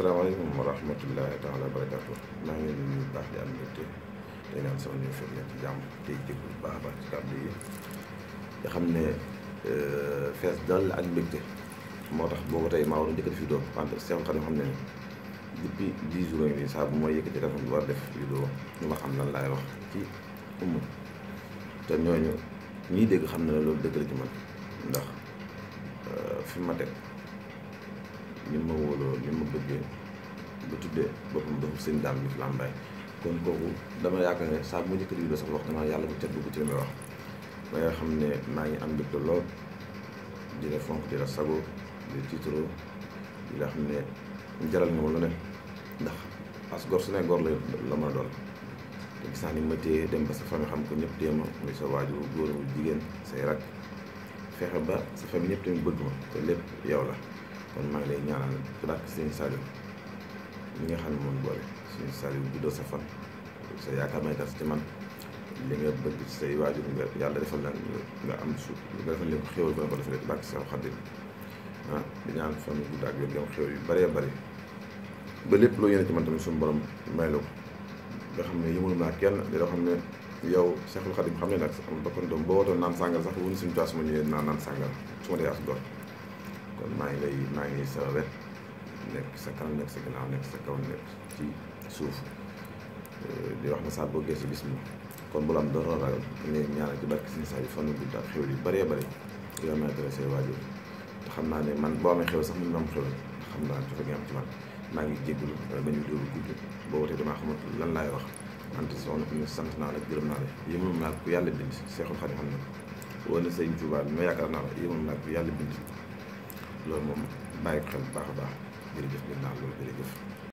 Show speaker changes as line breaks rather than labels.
السلام عليكم ورحمة الله تعالى وبركاته ما هي المباح لأمريته لأن أنسوني في الناس جامعة تيتك والبابا تقابلية يخمنا آه، فاس دل عن بكته ما رح بوغتاي ما ورندك في دو فانت السيام قد يخمنا دبي دي زورين دي صاحب موية كتير فان دوار دف في دو نبا خمنا الله يروح في أمو تنوى يعني نيو ني ديك خمنا لول دكرة نعم. آه، جمال ندخ في مدك نمو ولو نمو tuddee boppam dafa sëñ daam Diouf Lambaye kon kooku dama yaakaar ne saa bu njëkk a diwloo sama wax dama yàlla bu ca dugg ci wax ba nga ngi am mbégte lool di la fonk di la sago di la tiitaroo di la xam jaral nga ma ne ndax as gor su ne gor la la mën a doon te gis naa ni ma téye dem ba sa famille xam ko ñëpp muy sa waajur góor wu say rak fexe ba sa famille ñëpp tamit bëgg ma te lépp yow la kon maa ngi lay ñaanal seen li nga xam ne mooy boole suñu Saliou guddoo sa fan sa yaakaar may tas ci man li nga bëgg ci say waajur nga yàlla defal la nga am su nga defal leen ko xéwal ba nga ko defee rek bàkk seen xarit ah di ñaan fan yu gudd ak wér gam xéwal yu bëree bëri ba lépp loo yéene ci man tamit suñu borom may la ko nga xam ne yëmul naa kenn di loo xam ne yow Cheikhul Khadim xam ne nag am bakkan doom boo wootoon naan sàngal sax wun suñu tuwaas ma ñëwee naan naan sàngal su ma dee as gor kon maa ngi lay maa ngi sa wet nekk sa kanam nekk sa ginnaaw nekk sa kaw nekk ci suuf euh, di wax na saa boo geesu gis ma kon bu la am dara ragal ne ñaanal ci barke Sëñ Saaliw fan gudd ak xew yu bëree bëri yoo may dara te xam naa ne man boo amee xew sax mën na am xew naa dafa nga ci man maa ngi jégalu dañu euh, dóoru gudd boo wootee damaa xamul lan laay wax ante soxna ñu sant naa la gërëm naa la yëmam naa ko yàlla bind seexul xarit xam na wala sëñ Tuubaa bi ma yaakaar naa la yëmam naa ko yàlla bind loolu moom bàyyi ko xel bu baax a baax jërëjëf little bit loolu jërëjëf